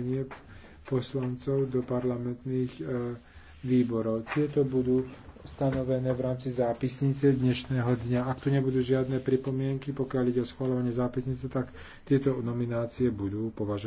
nie poslancov do parlamentných e, výborov. Tieto budú stanovené v rámci zápisnice dnešného dňa. Ak tu nebudú žiadne pripomienky, pokiaľ ide o schváľovanie zápisnice, tak tieto nominácie budú považované.